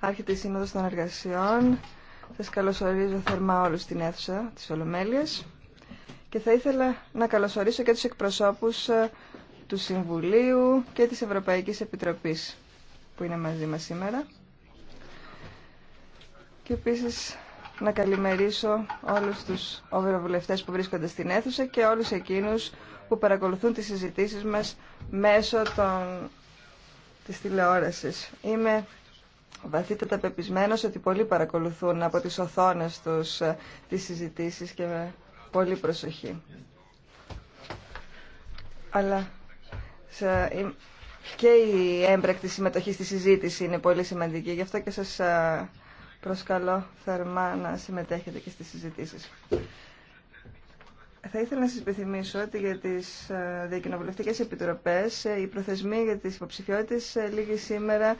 Άρχεται η Σύνοδο των Εργασιών. Σα καλωσορίζω θερμά όλους στην αίθουσα της Ολομέλειας και θα ήθελα να καλωσορίσω και του εκπροσώπου ε, του Συμβουλίου και της Ευρωπαϊκής Επιτροπή που είναι μαζί μα σήμερα και επίση να καλημερίσω όλου του ευρωβουλευτέ που βρίσκονται στην αίθουσα και όλους εκείνου που παρακολουθούν τις συζητήσεις μας μέσω των της τηλεόρασης. Είμαι βαθύτατα πεπισμένος ότι πολλοί παρακολουθούν από τις οθόνες τους ε, τις συζητήσεις και με πολύ προσοχή. Αλλά και η έμπρακτη συμμετοχή στη συζήτηση είναι πολύ σημαντική. Γι' αυτό και σας ε, προσκαλώ θερμά να συμμετέχετε και στις συζητήσεις. Θα ήθελα να σας υπενθυμίσω ότι για τις ε, διακοινοβουλευτικές επιτροπές οι ε, προθεσμοί για τις υποψηφιότητες ε, λήγει σήμερα